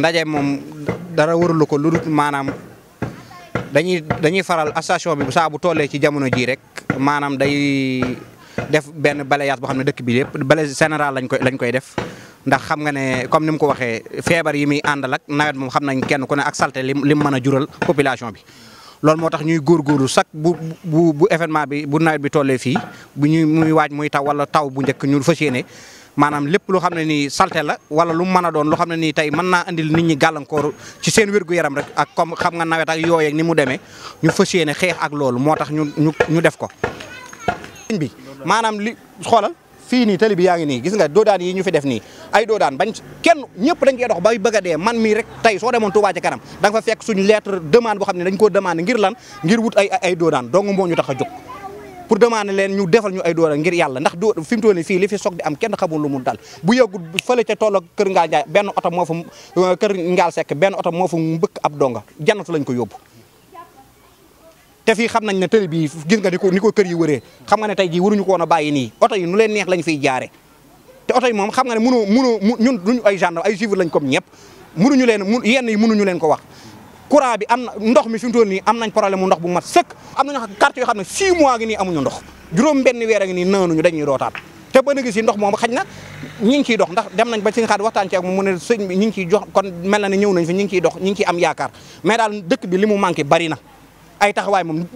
ndaje moom dara warulu ko lu dul maanaam dañuy dañuy faral association bi saa bu tollee ci jamono jii rek maanaam day def benn balayage boo xam ne dëkk bi yëpp balayage général lañ koy lañ koy def. ndax xam nga ne comme ni mu ko waxee feebar yi muy àndal ak nawet moom xam nañ kenn ku ne ak salte lim lim mën a jural population bi loolu moo tax ñuy góorgóorlu sax bu bu bu événement bi bu nawet bi tollee fii bu ñuy muy waaj muy taw wala taw bu njëkk ñu fas yéene maanaam lépp loo xam ne nii salte la wala lu mën a doon loo xam ne nii tey mën naa andil nit ñi gàllankoor ci seen wér-gu-yaram rek ak comme xam nga nawet ak yooyeeg ni mu demee ñu fas yéene xeex ak loolu moo tax ñu ñu ñu def ko bi maanaam li xoolal fii nii tali bi yaa ngi nii gis nga doodaan yi ñu fi def nii ay doodaan kenn ñëpp dañ koy dox bay a dee man mii rek tey soo demoon Touba ci kanam da nga fa fekk suñ lettre demande boo xam ne dañ ko demande ngir lan ngir wut ay ay doodaan dong moo ñu tax a jóg pour demander leen ñu defal ñu ay doole ngir yàlla ndax do fi mu toll fii li fi soog di am kenn xamul lu mu dal bu yëgul fële ca toll ak kër Ngaal Njaay benn oto moo fa euh, Sekk benn oto moo fa mbëkk ab donga jannatu lañ ko yóbbu te fii xam nañ ne tëli bi gis nga ni ko ni ko kër yi wëree xam nga ne tey jii waruñu ko woon a bàyyi nii oto yi nu leen neex lañ fiy jaare te oto yi moom xam nga ne mënoo mënoo ñun duñu ay gendarme ay civil lañ comme ñëpp mënuñu leen yenn yi mënuñu leen ko wax courant bi am na ndox mi fi mu toll nii am nañ problème mu ndox bu mat sëkk am nañu carte yoo xam ne 6 mois ngi nii amuñu ndox juróom benn weer a naanuñu dañuy rootaat te ba si ndox moom xaj na ñi ngi ciy dox ndax dem nañ ba sëñ xaar waxtaan ci ak mu mel na ne ñëw nañ fi ñi ngi ciy dox ñi ngi ciy am yaakaar mais daal dëkk bi li mu manqué bari na ay taxawaay moom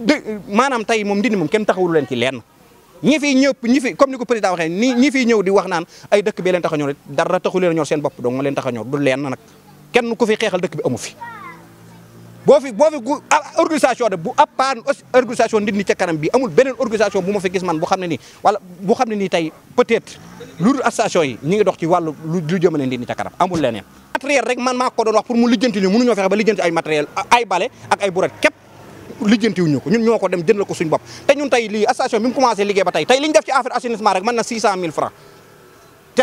maanaam tey moom dindi moom kenn taxawulu leen ci lenn ñi fi ñëpp ñi fi comme ni ko président waxee ni ñi fiy ñëw di wax naan ay dëkk bi leen tax a ñor dara taxu leen a ñor seen leen tax kenn ku fi xeexal dëkk bi amu fi boo fi boo fi gu ah, organisation de bu à organisation nit ñi ca bi amul beneen organisation bu ma fi gis man bu xam ne nii wala bu xam ne nii tey peut-être lu dul yi ñi ngi dox ci wàllu lu jëmale nit ñi ca kanam amul leneen. matériel rek man maa ko doon wax pour mu lijjanti ñu mënuñoo fexe ba lijjanti ay matériel ay bale ak ay buret képp lijjanti wuñu ko ñoo ko dem jënd ko suñu bopp te ñun tey lii association bi mu liggéey ba tey tey li ñu def ci affaire assainissement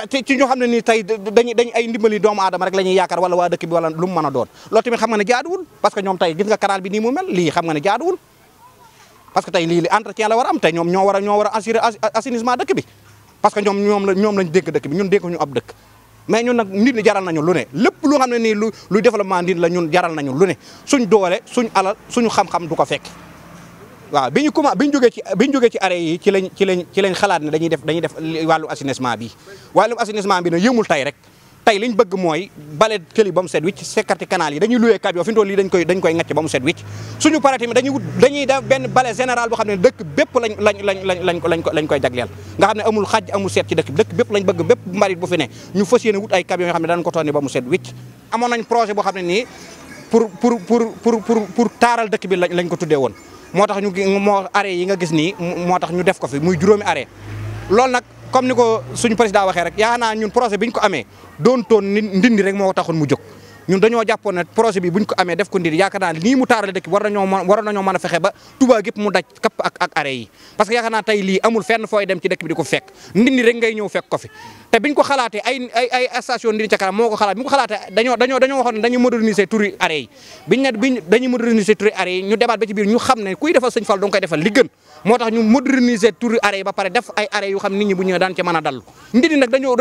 te ci ñu xam ne nii tey dañuy dañ ay ndimbali doomu aadama rek la ñuy yaakaar wala waa dëkk bi wala lu mu mën a doon loolu tamit xam nga ne jaaduwul parce que ñoom tey gis nga canal la war a am tey ñoom ñoo war a ñoo war a assurer assainissement dëkk bi parce que ñoom ñoom la ñoom lañ dénk dëkk bi ñun dénk ñu ab dëkk mais ñun nag nit ñi jaral lu ne lépp lu xam ne nii lu luy développement nit la ñun jaral nañu lu ne suñ doole suñ alal suñu xam-xam du ko fekk waaw bi ñu commencé bi ñu jógee ci bi ñu jógee ci arrêt yi ci lañ ci lañ ci lañ xalaat ne dañuy def dañuy def wàllu assainissement bi wàllu assainissement bi nag yëmul tey rek tey liñ bëgg mooy bale këli ba mu set wicc sécurité canal yi dañuy loué cab yoo fi mu toll lii dañ koy dañ koy ngacc ba mu set wicc suñu pare tamit dañuy benn bale général boo xam ne dëkk bépp lañ lañ lañ lañ lañ lañ lañ koy jagleel nga xam ne amul xaj amul seet ci dëkk dëkk bépp lañ bëgg bépp mbarit bu fi ne ñu fas yéene wut ay cab yoo xam ne dañ ko tonni ba mu set wicc amoon nañ projet boo xam ne nii pour pour pour pour pour pour taaral dëkk bi lañ ko tuddee woon moo tax ñu moo arrêt yi nga gis nii moo tax ñu def ko fi muy juróomi arrêt loolu nag comme ni ko suñu président waxee rek yaa naa ñun projet bi ñu ko amee doon toon ndindi rek moo taxoon mu jóg ñun dañoo jàppoon projet bi buñ ko amee def ko ndir yaakaar naa nii mu taarale dëkk war nañoo mën war a fexe ba Touba gépp mu daj kapp ak ak parce que yaakaar naa tey lii amul fenn fooy dem ci dëkk bi di ko fekk ndindi rek ngay ñëw fekk ko fi te biñ ko xalaatee ay ay ay station ndindi ca kanam moo ko xalaat ne dañuy moderniser turi arrêt yi biñ ne biñ dañuy ñu débat ba ci biir ñu xam ne kuy defal sëñ Fall danga koy defal li moo tax ñu moderniser turi arrêt ba pare def ay arrêt xam nit ñi bu ñëwee daan ci mën a dallu ndindi nag dañoo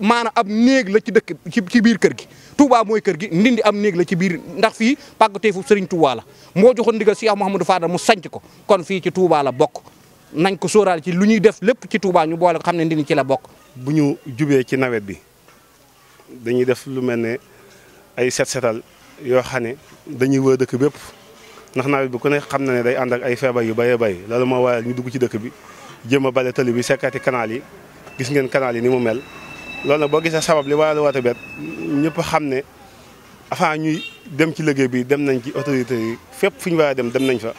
maanaam ab néeg la ci dëkk ci biir kër gi Touba mooy kër gi ndindi am néeg la ci biir ndax fii pàggateefu Serigne Touba la moo joxoon ndigal Cheikh Mouhamadou Fadal mu sanc ko kon fii ci Touba la bokk nañ ko sóoraale ci lu ñuy def lépp ci Touba ñu boole ko xam ne ndindi ci la bokk. bu ñu jubee ci nawet bi dañuy def lu mel ne ay set setal yoo xam ne dañuy wër dëkk bépp ndax nawet bi ku ne xam na ne day ànd ay feebar yu bëree bay loolu moo waral ñu dugg ci dëkk bi jéem a bale tali bi sekkati canal yi gis ngeen canal yi ni mu mel. loolu nag boo gisee sabab li waral Wata Bet ñëpp xam ne avant ñuy dem ci liggéey bi dem nañ ci autorité yi fépp fu ñu war a dem dem nañ fa.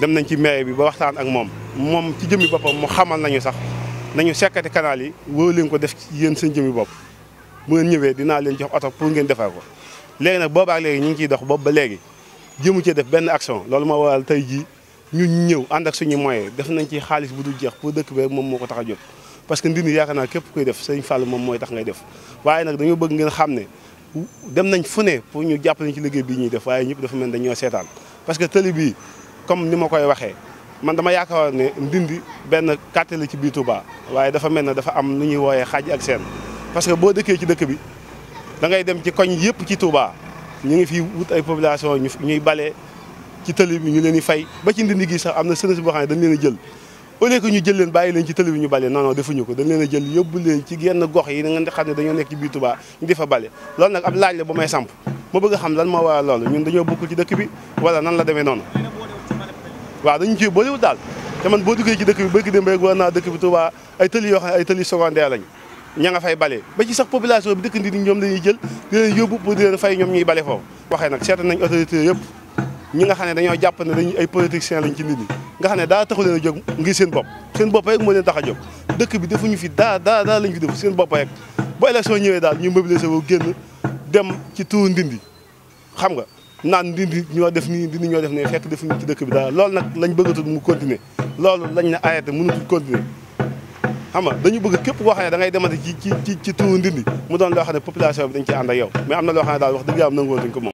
dem nañ ci maire bi ba waxtaan ak moom moom ci jëmmi boppam mu xamal nañu sax nañu sekkati canal yi wóor leen ko def ci yéen seen jëmmi bopp bu ngeen ñëwee dinaa leen jox oto pour ngeen defar ko. léegi nag boobaak léegi ñu ngi ciy dox boobu ba léegi jëmu cee def benn action loolu moo waral tey jii ñun ñëw ànd ak suñu moyen def nañ ci xaalis bu dul jeex pour dëkk bi rek moom moo ko tax a jóg parce que Ndindy yaakaar naa képp kuy def sëñ Fall moom mooy tax ngay def waaye nag dañoo bëgg ngeen xam ne dem nañ fu ne pour ñu jàpp jàppale ci liggéey bi ñuy def waaye ñëpp dafa mel dañ ñoo parce que tëli bii comme ni ma koy waxee man dama yaakaar ne Ndindy benn kàtte la ci biir Touba waaye dafa mel ne dafa am lu ñuy wooyee xaaj ak seen parce que boo dëkkee ci dëkk bi dangay dem ci koñ yëpp ci Touba ñu ngi fi wut ay population ñuy bale ci tëli bi ñu leen di fay ba ci Ndindy gi sax am na service boo xam ne dañ leen a jël au lieu que ñu jël leen bàyyi leen ci tëli bi ñu bale non non defuñu ko dañ leen a jël yóbbu leen ci genn gox yi nga xam ne dañoo nekk ci biir ñu di fa bale loolu nag ab laaj la ba may samp ma bëgg a xam lan moo waral loolu ñun dañoo bokkul ci dëkk bi wala nan la demee noonu waaw dañu ci boolewul daal te boo duggee ci dëkk bi bëgg dem rek war naa dëkk bi Touba ay tëli yoo xam ne ay tëli secondaire lañ ña nga fay bale ba ci sax population bi dëkk ndi ñoom jël di fay ñoom ñuy bale foofu waxee nag seet nañ autorité yëpp ñi nga xam ne dañoo jàpp ne dañuy ay politiciens lañ ci nit ñi nga ne daa taxu leen a jóg ngir seen bopp seen bopp rek moo leen tax a jóg dëkk bi defuñu fi daa daa daa lañ fi def seen bopp rek bu élection ñëwee daal ñu mobiliser wu génn dem ci tuur ndindi xam nga naan ndindi ñoo def nii ndindi ñoo def nii fekk defuñu ci dëkk bi daal loolu nag lañ bëggatul mu continuer loolu lañ ne arrêté mënatul continuer xam nga dañu bëgg képp koo xam ne da ngay demante ci ci ci tuur mu doon loo xam ne daal wax dëgg yàlla nangoo duñ ko moom